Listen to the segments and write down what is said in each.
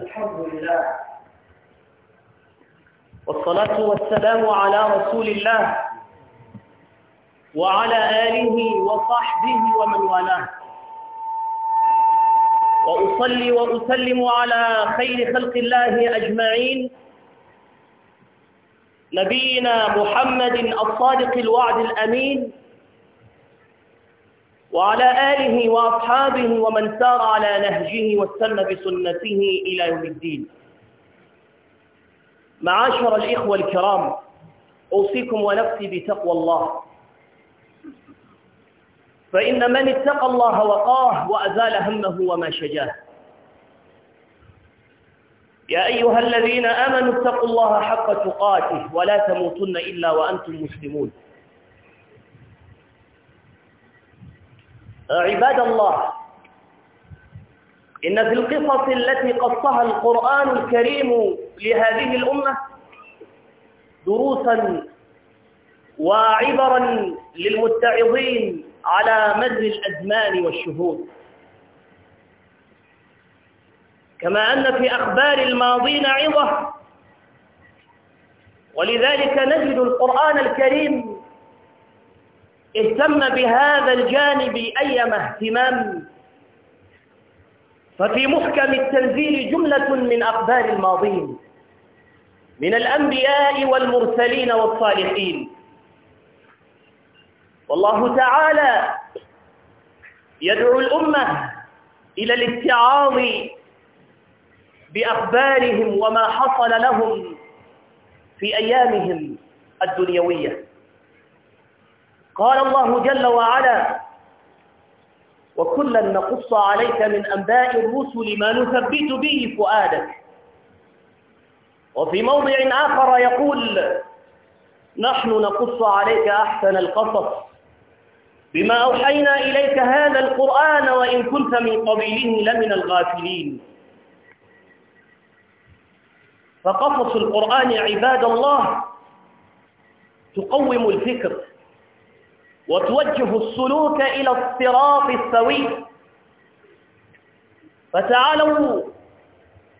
الحمد لله والصلاة والسلام على رسول الله وعلى آله وصحبه ومن والاه وأصلي وأسلم على خير خلق الله أجمعين نبينا محمد الصادق الوعد الأمين وعلى آله وأصحابه ومن سار على نهجه واستنى بسنته إلى يوم الدين معاشر الإخوة الكرام أوصيكم ونفسي بتقوى الله فإن من اتقى الله وقاه وأزال همه وما شجاه يا أيها الذين آمنوا اتقوا الله حق تقاته ولا تموتن إلا وأنتم مسلمون عباد الله إن في القصص التي قصها القرآن الكريم لهذه الأمة دروسا وعبرا للمتعظين على مر الأزمان والشهود كما أن في أخبار الماضين عظة ولذلك نجد القرآن الكريم اهتم بهذا الجانب أيما اهتمام ففي محكم التنزيل جملة من أقدار الماضين من الأنبياء والمرسلين والصالحين والله تعالى يدعو الأمة إلى الاتعاظ بأخبارهم وما حصل لهم في أيامهم الدنيوية قال الله جل وعلا وكلا نقص عليك من أنباء الرسل ما نثبت به فؤادك وفي موضع آخر يقول نحن نقص عليك أحسن القصص بما أوحينا إليك هذا القرآن وإن كنت من قبيله لمن الغافلين فقصص القرآن عباد الله تقوم الفكر وتوجه السلوك إلى الصراط السوي فتعالوا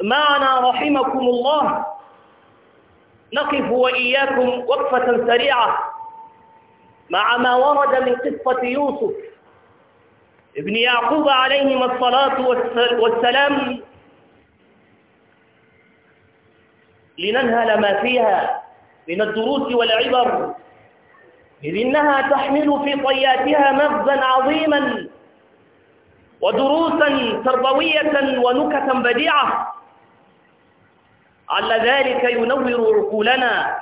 معنا رحمكم الله نقف وإياكم وقفة سريعة مع ما ورد من قصة يوسف ابن يعقوب عليهما الصلاة والسلام لننهل ما فيها من الدروس والعبر إذ إنها تحمل في طياتها مغزا عظيما ودروسا تربوية ونكتا بديعة على ذلك ينور عقولنا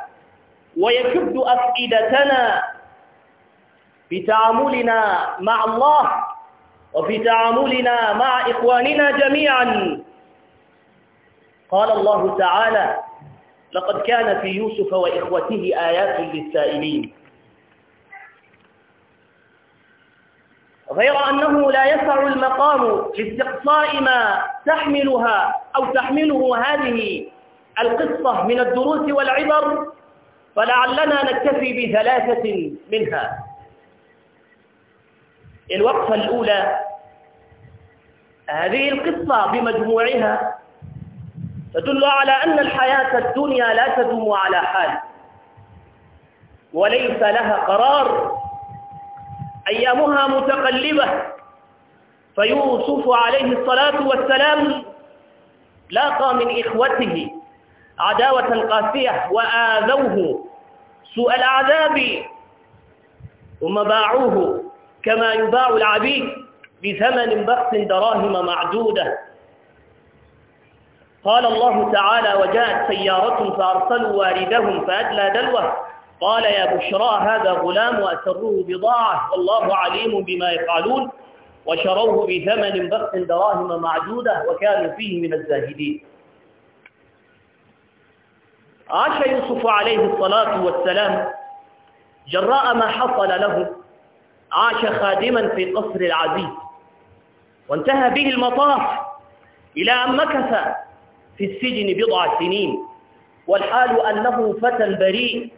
ويشد أفئدتنا في تعاملنا مع الله وفي تعاملنا مع إخواننا جميعا قال الله تعالى لقد كان في يوسف وإخوته آيات للسائلين غير أنه لا يسع المقام لاستقصاء ما تحملها أو تحمله هذه القصة من الدروس والعبر فلعلنا نكتفي بثلاثة منها الوقفة الأولى هذه القصة بمجموعها تدل على أن الحياة الدنيا لا تدوم على حال وليس لها قرار أيامها متقلبة فيوسف عليه الصلاة والسلام لاقى من إخوته عداوة قاسية وآذوه سوء العذاب ثم باعوه كما يباع العبيد بثمن بخس دراهم معدودة قال الله تعالى وجاءت سيارة فأرسلوا واردهم فأدلى دلوه قال يا بشرى هذا غلام وأسروه بضاعة والله عليم بما يفعلون وشروه بثمن بخس دراهم معدودة وكانوا فيه من الزاهدين عاش يوسف عليه الصلاة والسلام جراء ما حصل له عاش خادما في قصر العزيز وانتهى به المطاف إلى أن مكث في السجن بضع سنين والحال أنه فتى بريء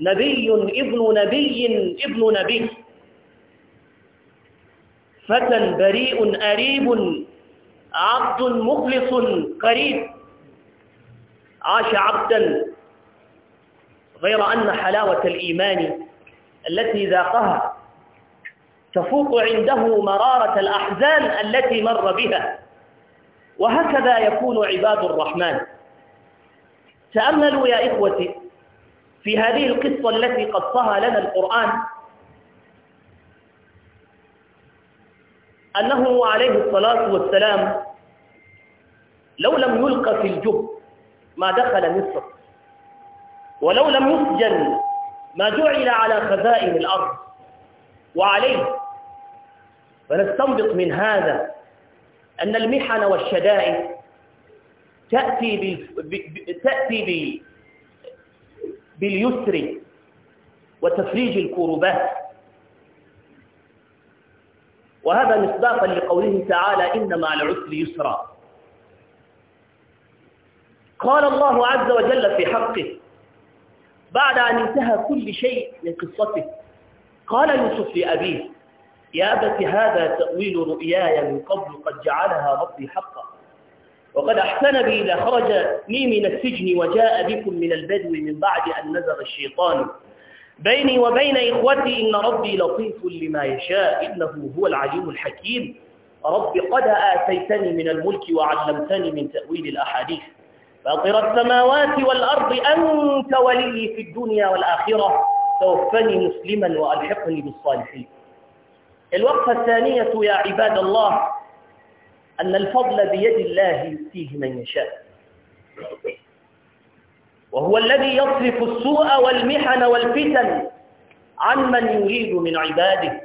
نبي ابن نبي ابن نبي فتى بريء أريب عبد مخلص قريب عاش عبدا غير أن حلاوة الإيمان التي ذاقها تفوق عنده مرارة الأحزان التي مر بها وهكذا يكون عباد الرحمن تأملوا يا إخوتي في هذه القصة التي قصها لنا القرآن أنه عليه الصلاة والسلام لو لم يلقى في الجب ما دخل مصر ولو لم يسجن ما جعل على خزائن الأرض وعليه فنستنبط من هذا أن المحن والشدائد تأتي, ب... تأتي تأتي باليسر وتفريج الكربات وهذا مصداقا لقوله تعالى إن مع العسر يسرا قال الله عز وجل في حقه بعد أن انتهى كل شيء من قصته قال يوسف لأبيه يا أبت هذا تأويل رؤياي من قبل قد جعلها ربي حقا وقد أحسن بي إذا خرج لي من السجن وجاء بكم من البدو من بعد أن نزغ الشيطان بيني وبين إخوتي إن ربي لطيف لما يشاء إنه هو العليم الحكيم رب قد آتيتني من الملك وعلمتني من تأويل الأحاديث فاطر السماوات والأرض أنت ولي في الدنيا والآخرة توفني مسلما وألحقني بالصالحين الوقفة الثانية يا عباد الله أن الفضل بيد الله يؤتيه من يشاء وهو الذي يصرف السوء والمحن والفتن عن من يريد من عباده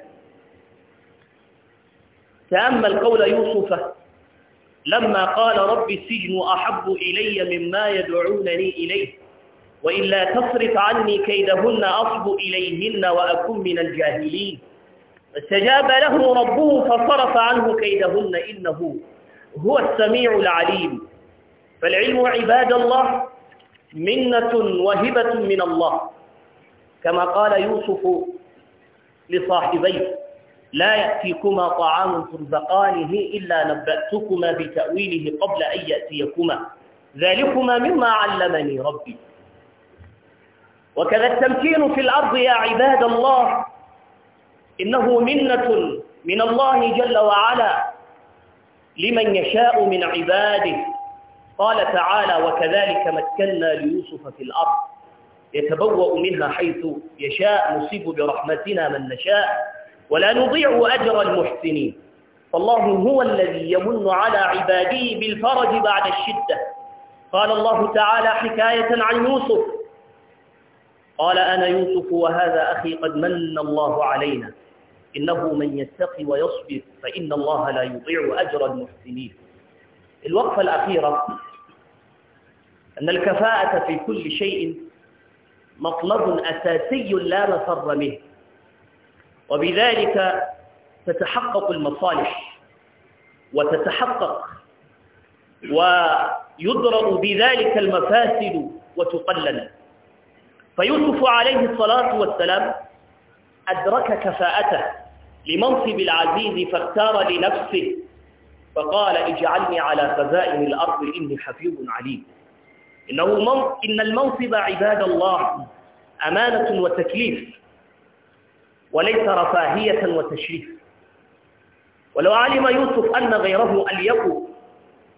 تأمل قول يوسف لما قال رب السجن أحب إلي مما يدعونني إليه وإلا تصرف عني كيدهن أصب إليهن وأكون من الجاهلين استجاب له ربه فصرف عنه كيدهن إنه هو السميع العليم فالعلم عباد الله منة وهبة من الله كما قال يوسف لصاحبيه لا يأتيكما طعام ترزقانه إلا نبأتكما بتأويله قبل أن يأتيكما ذلكما مما علمني ربي وكذا التمكين في الأرض يا عباد الله إنه منة من الله جل وعلا لمن يشاء من عباده قال تعالى وكذلك مكنا ليوسف في الأرض يتبوأ منها حيث يشاء نصيب برحمتنا من نشاء ولا نضيع أجر المحسنين فالله هو الذي يمن على عباده بالفرج بعد الشدة قال الله تعالى حكاية عن يوسف قال أنا يوسف وهذا أخي قد من الله علينا إنه من يتقي ويصبر فإن الله لا يضيع أجر المحسنين الوقفة الأخيرة أن الكفاءة في كل شيء مطلب أساسي لا مفر منه وبذلك تتحقق المصالح وتتحقق ويضرب بذلك المفاسد وتقلل فيوسف عليه الصلاة والسلام أدرك كفاءته لمنصب العزيز فاختار لنفسه فقال اجعلني على خزائن الأرض إني حفيظ عليم إنه من... إن المنصب عباد الله أمانة وتكليف وليس رفاهية وتشريف ولو علم يوسف أن غيره أليق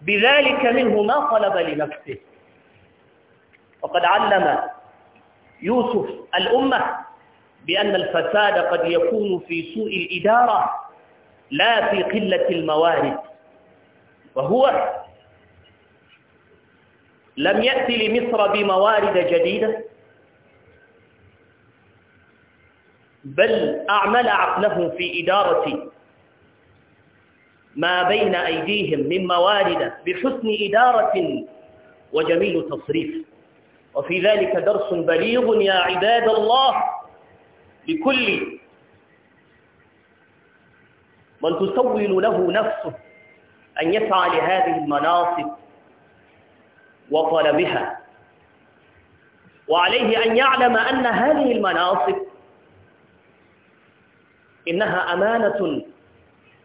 بذلك منه ما طلب لنفسه وقد علم يوسف الأمة بأن الفساد قد يكون في سوء الإدارة لا في قلة الموارد وهو لم يأتي لمصر بموارد جديدة بل أعمل عقله في إدارة ما بين أيديهم من موارد بحسن إدارة وجميل تصريف وفي ذلك درس بليغ يا عباد الله بكل من تسول له نفسه أن يسعى لهذه المناصب وطلبها وعليه أن يعلم أن هذه المناصب إنها أمانة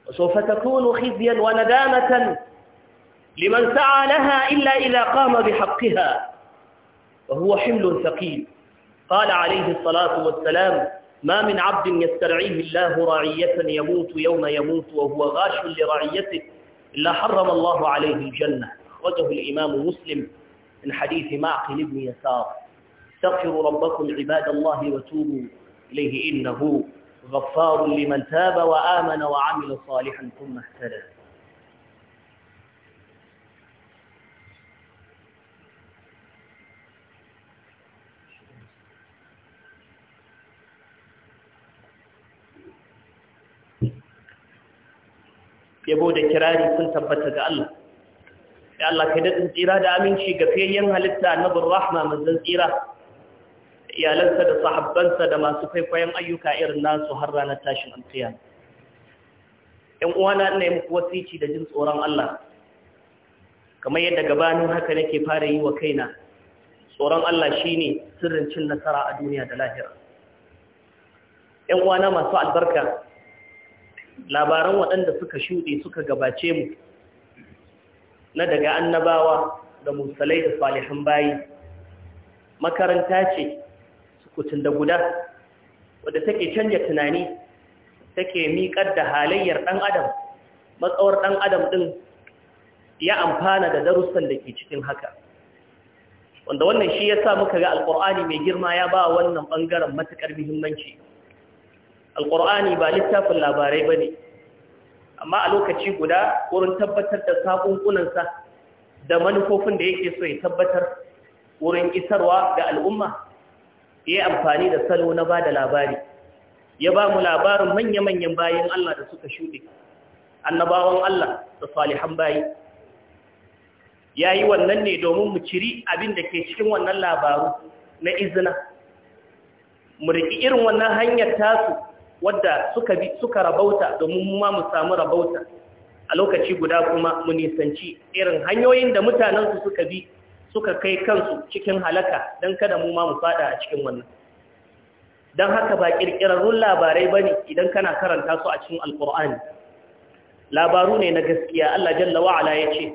وسوف تكون خزيا وندامة لمن سعى لها إلا إذا قام بحقها وهو حمل ثقيل قال عليه الصلاة والسلام ما من عبد يسترعيه الله رعية يموت يوم يموت وهو غاش لرعيته إلا حرم الله عليه الجنة أخرجه الإمام مسلم من حديث معقل بن يسار استغفروا ربكم عباد الله وتوبوا إليه إنه غفار لمن تاب وآمن وعمل صالحا ثم اهتدى yabo da kirari sun tabbata ga Allah ya Allah kai daɗin tsira da aminci ga fiyayyen halitta na rahma manzon tsira iyalansa da sahabbansa da masu kwaikwayon ayyuka irin nasu har ranar tashin alfiya ‘yan uwana ina yi muku wasici da jin tsoron Allah kamar yadda gabanin haka nake fara yi wa kaina tsoron Allah shine sirrin cin nasara a duniya da lahira ‘yan uwana masu albarka labaran waɗanda suka shuɗe suka gabace mu na daga annabawa da musulai da Falihan bayi makaranta ce sukutun da guda wadda take canja tunani take miƙar da halayyar ɗan adam matsawar ɗan adam ɗin ya amfana da darussan da ke cikin haka wanda wannan shi ya sa muka ga alƙur'ani mai girma ya ba wannan ɓangaren matuƙar muhimmanci alƙur'ani ba littafin labarai ba ne amma a lokaci guda wurin tabbatar da sakunkunansa da manufofin da yake so ya tabbatar wurin isarwa ga al'umma ya amfani da salo na ba da labari ya ba mu labarin manya-manyan bayan Allah da suka shuɗe annabawan Allah da salihan bayi ya yi wannan ne domin mu ciri abin da ke cikin wannan labaru na izina mu riƙi irin wannan hanyar tasu wadda suka bi suka rabauta domin mu ma mu samu rabauta a lokaci guda kuma mu nisanci irin hanyoyin da mutanen su suka bi suka kai kansu cikin halaka don kada mu ma mu fada a cikin wannan don haka ba ƙirƙirarrun labarai ba ne idan kana karanta su a cikin alƙur'ani labaru ne na gaskiya Allah jalla wa'ala ya ce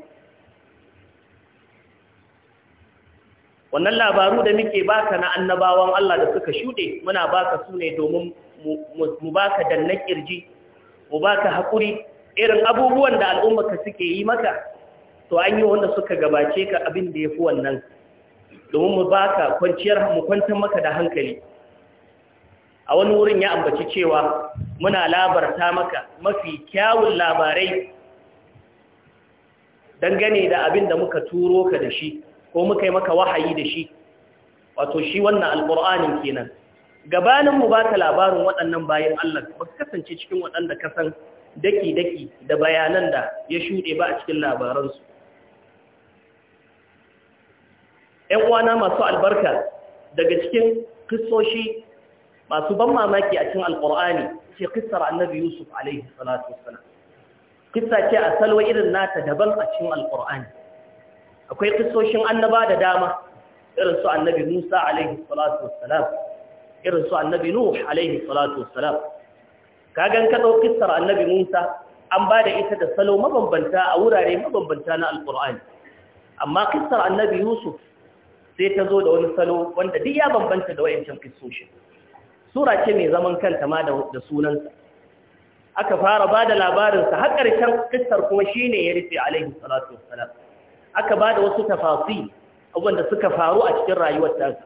wannan labaru da muke baka na annabawan Allah da suka shuɗe muna baka su ne domin mu baka danna kirji mu baka haƙuri irin abubuwan da al'umma ka suke yi maka to an yi wanda suka gabace ka abin da ya fi wannan domin mu baka kwanciyar mu kwantar maka da hankali a wani wurin ya ambaci cewa muna labarta maka mafi kyawun labarai dangane da abin da muka turo ka da shi ko muka yi maka wahayi da shi wato shi wannan alƙur'anin kenan gabanin mu baka labarin waɗannan bayan Allah ba kasance cikin waɗanda ka san daki-daki da bayanan da ya shuɗe ba a cikin labaransu ‘yan uwana masu albarka daga cikin kisoshi masu ban mamaki a cikin alƙur'ani ce kisar annabi yusuf alaihi salatu wasalam kisa ce a salwa irin nata daban a cikin alƙur'ani akwai kisoshin annaba da dama irin su annabi Musa alaihi salatu wassalam irin annabi Nuh alaihi salatu wassalam kagan ka dau kissar annabi Musa an ba da ita da salo mabambanta a wurare mabambanta na alqur'ani amma kissar annabi Yusuf sai ta zo da wani salo wanda duk ya bambanta da wayancan kissoshin sura ce mai zaman kanta ma da sunansa aka fara ba da labarinsa har ƙarshen kissar kuma shine ya rufe alaihi salatu wassalam aka ba da wasu tafasi abubuwan da suka faru a cikin rayuwar ɗansa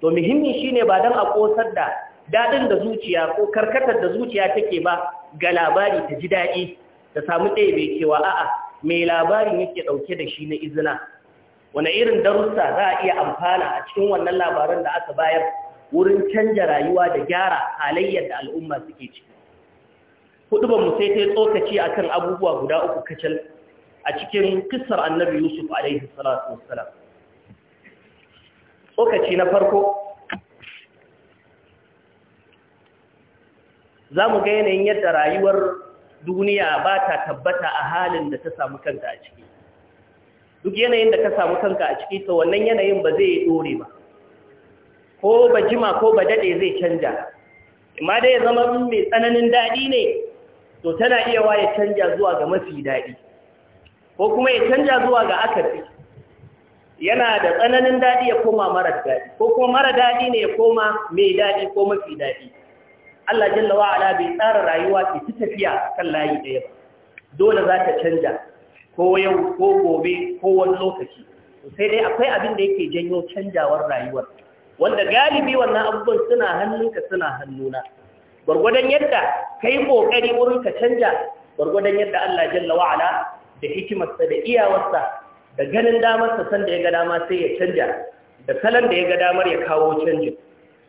to muhimmi shine ba don a ƙosar da daɗin da zuciya ko karkatar da zuciya take ba ga labari ta ji daɗi ta samu ɗebe cewa a'a mai labarin yake ɗauke da shi na izina wane irin darussa za a iya amfana a cikin wannan labaran da aka bayar wurin canja rayuwa da gyara halayyar da al'umma suke ciki hudu ba mu sai ta tsokaci akan abubuwa guda uku kacal a cikin kisar annabi yusuf alaihi salatu wassalam tsokaci na farko za mu ga yanayin yadda rayuwar duniya ba ta tabbata a halin da ta samu kanta a ciki duk yanayin da ka samu kanka a ciki to wannan yanayin ba zai dore ba ko ba jima ko ba dade zai canja amma dai ya zama mai tsananin daɗi ne to tana iya waye canja zuwa ga mafi daɗi ko kuma ya canja zuwa ga akasi yana da tsananin daɗi ya koma marar daɗi ko kuma mara daɗi ne ya koma mai daɗi ko mafi daɗi Allah jalla wa ala bai tsara rayuwa ke ci tafiya kan layi ɗaya ba dole za ta canja ko yau ko gobe ko wani lokaci sai dai akwai abin da yake janyo canjawar rayuwar wanda galibi wannan abubuwan suna hannunka suna hannuna gwargwadon yadda kai kokari wurin ka canja gwargwadon yadda Allah jalla wa ala da hikimarsa da iyawarsa da ganin damarsa san da ya ga dama sai ya canja da kalan da ya ga damar ya kawo canjin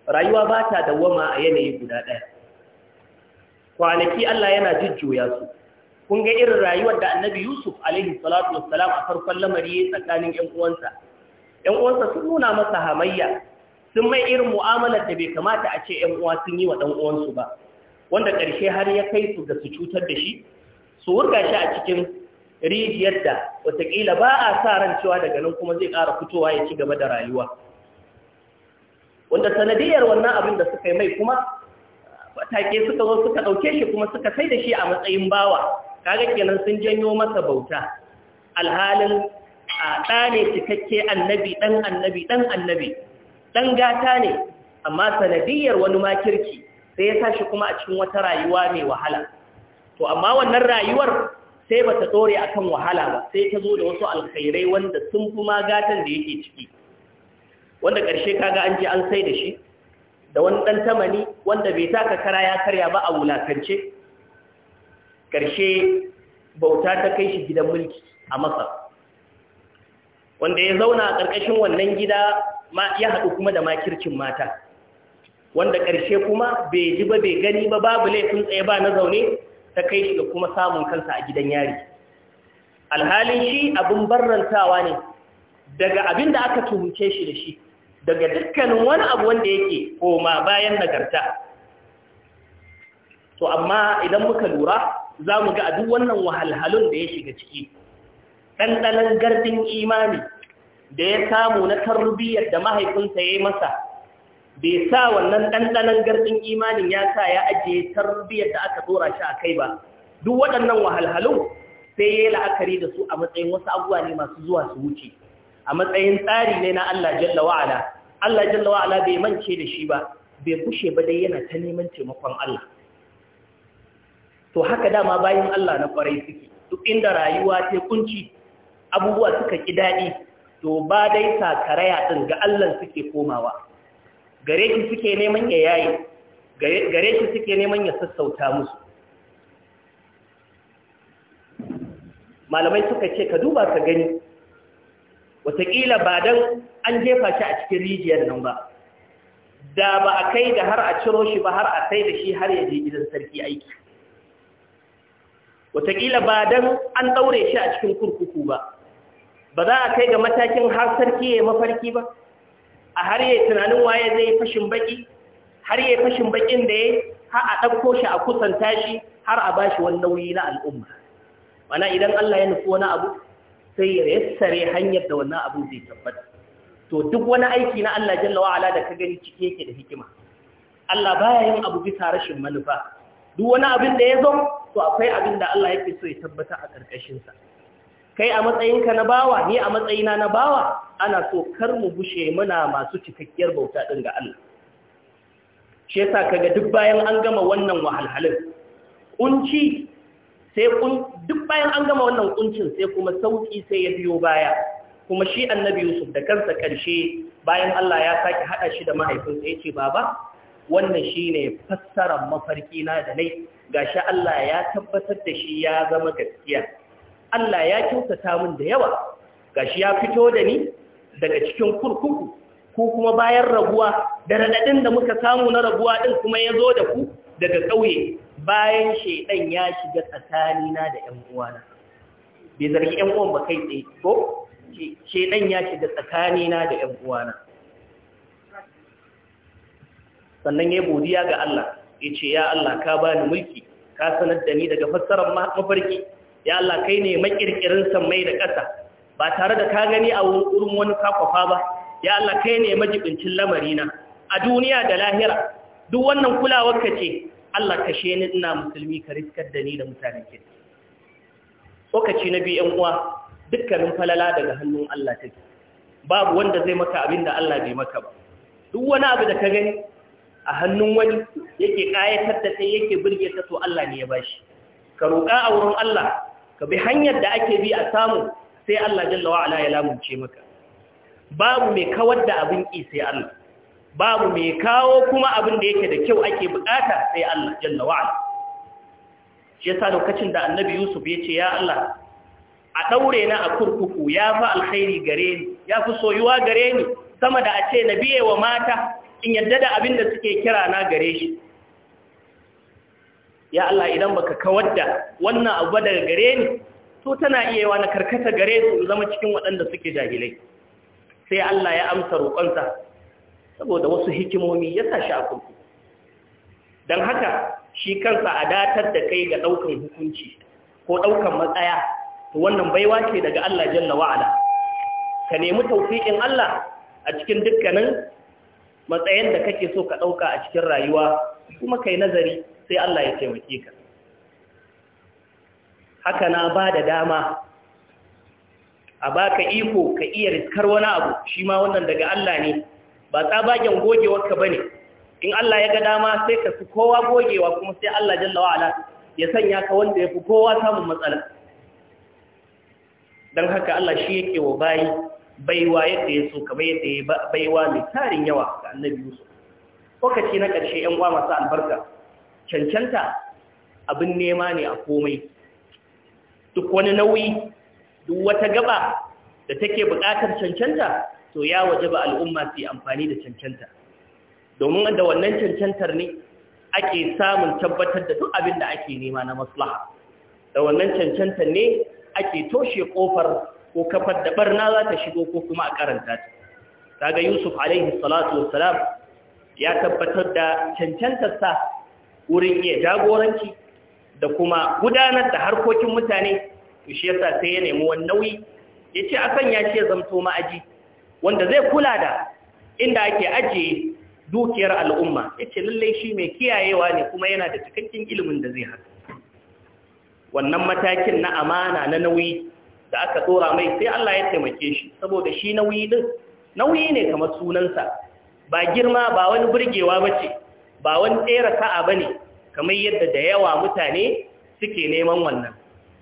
rayuwa ba ta dawama a yanayi guda ɗaya kwanaki Allah yana jujjuya su kun ga irin rayuwar da annabi yusuf alaihi salatu wassalam a farkon lamari tsakanin yan uwansa yan uwansa sun nuna masa hamayya sun mai irin mu'amalar da bai kamata a ce yan uwa sun yi wa ɗan uwansu ba wanda ƙarshe har ya kai su ga su cutar da shi su wurga shi a cikin rijiyar da watakila ba a sa ran cewa daga nan kuma zai ƙara fitowa ya ci gaba da rayuwa wanda sanadiyar wannan abin da suka yi mai kuma take suka zo suka ɗauke shi kuma suka sai da shi a matsayin bawa kaga kenan sun janyo masa bauta alhalin a ɗa ne cikakke annabi ɗan annabi ɗan annabi ɗan gata ne amma sanadiyar wani makirki sai ya tashi kuma a cikin wata rayuwa mai wahala to amma wannan rayuwar sai ba ta ɗore a kan wahala ba sai ta zo da wasu alkhairai wanda sun fi magatan da yake ciki wanda ƙarshe kaga an ji an sai da shi da wani ɗan tamani wanda bai taka kara ya karya ba a wulakance ƙarshe bauta ta kai shi gidan mulki a masar wanda ya zauna a ƙarƙashin wannan gida ya haɗu kuma da makircin mata wanda ƙarshe kuma bai ji ba bai gani ba babu laifin tsaye ba na zaune ta kai shi ga kuma samun kansa a gidan yari alhalin shi abin barrantawa ne daga abin da aka tuhumce shi da shi daga dukkanin wani abu wanda yake koma bayan nagarta to amma idan muka lura za mu ga abin wannan wahalhalun da ya shiga ciki ɗanɗanon gardin imani da ya samu na tarbiyyar da mahaifinsa ya yi masa bai sa wannan ɗanɗanon garɗin imanin ya sa ya ajiye tarbiyyar da aka tsora shi a kai ba duk waɗannan wahalhalun sai ya yi la'akari da su a matsayin wasu abuwa ne masu zuwa su wuce a matsayin tsari ne na Allah jalla wa'ala Allah jalla wa'ala bai mance da shi ba bai kushe ba dai yana ta neman taimakon Allah to haka dama bayan Allah na kwarai suke duk inda rayuwa ta kunci abubuwa suka ki daɗi to ba dai sakaraya ɗin ga Allah suke komawa gare shi suke neman ya yayi gare shi suke neman ya sassauta musu malamai suka ce ka duba ka gani wataƙila ba don an jefa shi a cikin rijiyar nan ba da ba a kai da har a ciro shi ba har a kai da shi har ya je gidan sarki aiki wataƙila ba don an ɗaure shi a cikin kurkuku ba ba za a kai ga matakin har sarki ya mafarki ba a har yi tunanin waye zai yi fashin baki har yi fashin bakin da ya har a ɗauko shi a kusanta shi har a ba shi wani nauyi na al'umma mana idan Allah ya nufi wani abu sai ya yassare hanyar da wannan abu zai tabbata to duk wani aiki na Allah jalla wa'ala da ka gani cike yake da hikima Allah baya yin abu bisa rashin manufa duk wani abin da ya zo to akwai abin da Allah yake so ya tabbata a ƙarƙashinsa. sa kai a matsayinka na bawa ni a matsayina na bawa ana so kar mu bushe muna masu cikakkiyar bauta din ga Allah shi yasa kaga duk bayan an gama wannan wahalhalin kunci sai kun duk bayan an gama wannan kuncin sai kuma sauki sai ya biyo baya kuma shi annabi Yusuf da kansa karshe bayan Allah ya saki hada shi da mahaifinsa yace baba wannan shine fassarar mafarki na da nai gashi Allah ya tabbatar da shi ya zama gaskiya Allah ya kyautata min da yawa gashi ya fito da ni daga cikin kurkuku ko kuma bayan rabuwa da raɗaɗin da muka samu na rabuwa din kuma ya zo da ku daga ƙauye bayan shaidan ya shiga tsakanina da ‘yan uwana bai zargi ƴan uwan ba kai tsaye ko shaidan ya shiga tsakanina da ‘yan uwana sannan ya godiya ga Allah ya ya Allah ka bani mulki ka sanar da ni daga fassarar mafarki ya Allah kai ne makirkirin sammai da ƙasa ba tare da ka gani a wurin wani kakwafa ba ya Allah kai ne majibincin lamarina a duniya da lahira duk wannan kulawar ka ce Allah kashe ni ina musulmi ka riskar da ni da mutanen kirki lokaci na biyu uwa dukkanin falala daga hannun Allah take babu wanda zai maka abin da Allah bai maka ba duk wani abu da ka gani a hannun wani yake kayatar da sai yake burge ta to Allah ne ya bashi ka roƙa a wurin Allah ka bi hanyar da ake bi a samu sai Allah jalla wa ala ya lamunce maka babu mai kawar da abin ki sai Allah babu mai kawo kuma abin da yake da kyau ake bukata sai Allah jalla wa ala shi yasa lokacin da annabi Yusuf ya ce ya Allah a daure na a kurkuku ya fa alkhairi gare ni ya fi soyuwa gare ni sama da a ce na biye wa mata in yadda da abin da suke kira na gare shi ya Allah idan baka kawar da wannan abu daga gare ni to tana iya yawa na karkata gare su zama cikin waɗanda suke jahilai sai Allah ya amsa roƙonsa saboda wasu hikimomi ya sa shi a kurku don haka shi kansa a datar da kai ga ɗaukan hukunci ko ɗaukan matsaya to wannan baiwa ce daga Allah jalla wa'ala ka nemi tawfiqin Allah a cikin dukkanin matsayin da kake so ka ɗauka a cikin rayuwa kuma kai nazari sai Allah ya taimake ka haka na ba da dama a baka iko ka iya riskar wani abu shi ma wannan daga Allah ne ba tsabagen gogewarka ba ne in Allah ya ga dama sai ka fi kowa gogewa kuma sai Allah jallawa ala ya sanya ka wanda ya fi kowa samun matsala don haka Allah shi yake wa bayi baiwa yadda ya so kamar yadda ya baiwa mai tarin yawa ga annabi yusuf lokaci na ƙarshe ‘yan uwa masu albarka cancanta abin nema ne a komai duk wani nauyi duk wata gaba da take buƙatar cancanta to ya waje ba al'umma su yi amfani da cancanta domin da wannan cancantar ne ake samun tabbatar da duk abin da ake nema na maslaha da wannan cancantar ne ake toshe ƙofar ko kafar da barna za ta shigo ko kuma a karanta ta kaga yusuf alaihi salatu wassalam ya tabbatar da cancantar sa wurin iya jagoranci da kuma gudanar da harkokin mutane shi yasa sai ya nemi wani nauyi ya ce a sanya shi ya zamto ma'aji wanda zai kula da inda ake ajiye dukiyar al'umma ya ce lallai shi mai kiyayewa ne kuma yana da cikakken ilimin da zai haka wannan matakin na amana na nauyi da aka tsora mai sai Allah ya taimake shi saboda shi nauyi din nauyi ne kamar sunansa ba girma ba wani burgewa bace ba wani tsera sa'a bane kamar yadda da yawa mutane suke neman wannan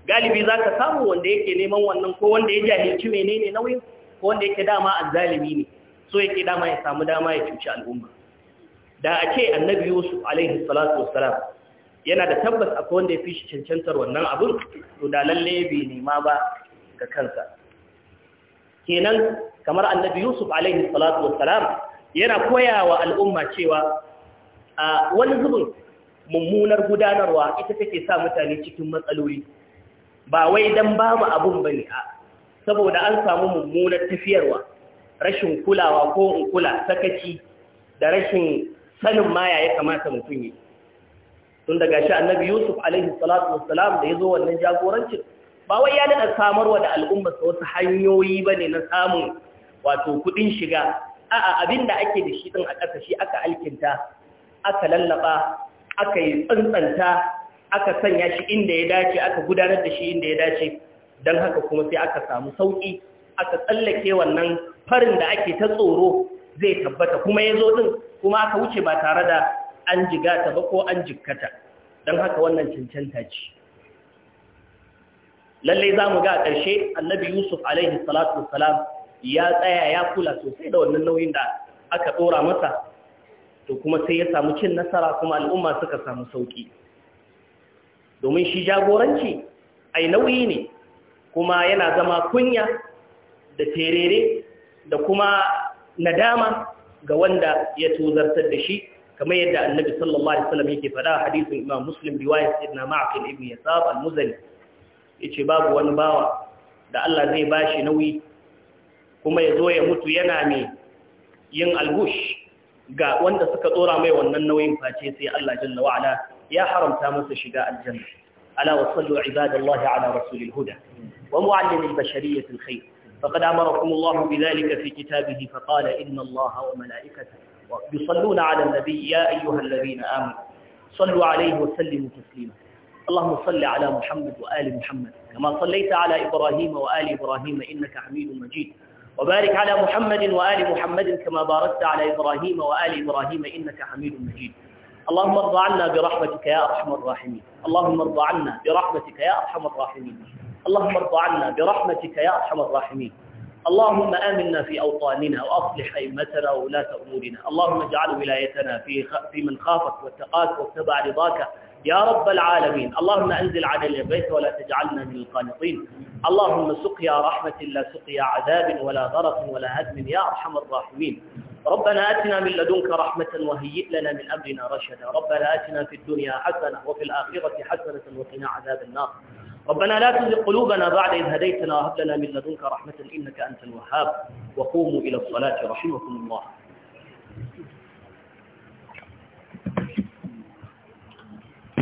galibi zaka samu wanda yake neman wannan ko wanda ya jahilci menene nauyin ko wanda yake dama azzalimi ne so yake dama ya samu dama ya cuci al'umma da a ce annabi yusuf alaihi salatu wassalam yana da tabbas akwai wanda ya fi shi cancantar wannan abin to da lalle bai nema ba ga kansa kenan kamar annabi yusuf alaihi salatu wassalam yana koyawa al'umma cewa a wani zubin mummunar gudanarwa ita take sa mutane cikin matsaloli ba wai dan babu abun bane a saboda an samu mummunar tafiyarwa rashin kulawa ko in kula sakaci da rashin sanin maya ya kamata mutum yi tun daga shi annabi yusuf alaihi salatu wassalam da ya zo wannan jagorancin ba wai ya daɗa samarwa da al'umma sa wasu hanyoyi ba ne na samun wato kuɗin shiga a'a abin da ake da shi ɗin a ƙasa shi aka alkinta aka lallaba aka yi tsantsanta aka sanya shi inda ya dace aka gudanar da shi inda ya dace don haka kuma sai aka samu sauƙi aka tsallake wannan farin da ake ta tsoro zai tabbata kuma ya zo ɗin kuma aka wuce ba tare da an jigata ba ko an jikkata don haka wannan cancanta ce lalle za mu ga ƙarshe annabi yusuf alaihi salatu wassalam ya tsaya ya kula sosai da wannan nauyin da aka ɗora masa to kuma sai ya samu cin nasara kuma al'umma suka samu sauƙi domin shi jagoranci ai nauyi ne kuma yana zama kunya da terere da kuma nadama ga wanda ya tuzartar da shi kamar yadda annabi sallallahu alaihi wasallam yake faɗa hadisin imam muslim riwayat ibn ma'qil ibn yasab al-muzani Ice babu wani bawa da Allah zai bashi nauyi kuma ya zo ya mutu yana ne yin algush ga wanda suka tsora mai wannan nauyin face sai Allah jalla wa ya haramta masa shiga aljanna ala wa sallu ibadallahi ala rasulil huda wa muallimil bashariyyati alkhair faqad amarakum Allah bidhalika fi kitabihi faqala inna Allah wa malaikatahu yusalluna ala an-nabiy ya ayyuhalladhina amanu sallu alayhi wa sallimu taslima اللهم صل على محمد وآل محمد كما صليت على إبراهيم وآل إبراهيم إنك حميد مجيد وبارك على محمد وآل محمد كما باركت على إبراهيم وآل إبراهيم إنك حميد مجيد اللهم ارض عنا برحمتك يا أرحم الراحمين اللهم ارض عنا برحمتك يا أرحم الراحمين اللهم ارض عنا برحمتك يا أرحم الراحمين اللهم آمنا في أوطاننا وأصلح أئمتنا وولاة أمورنا اللهم اجعل ولايتنا في, في من خافك واتقاك واتبع رضاك يا رب العالمين اللهم أنزل علينا البيت ولا تجعلنا من القانطين اللهم سقيا رحمة لا سقيا عذاب ولا غرق ولا هدم يا أرحم الراحمين ربنا آتنا من لدنك رحمة وهيئ لنا من أمرنا رشدا ربنا آتنا في الدنيا حسنة وفي الآخرة حسنة وقنا عذاب النار ربنا لا تزغ قلوبنا بعد إذ هديتنا وهب لنا من لدنك رحمة إنك أنت الوهاب وقوموا إلى الصلاة رحمكم الله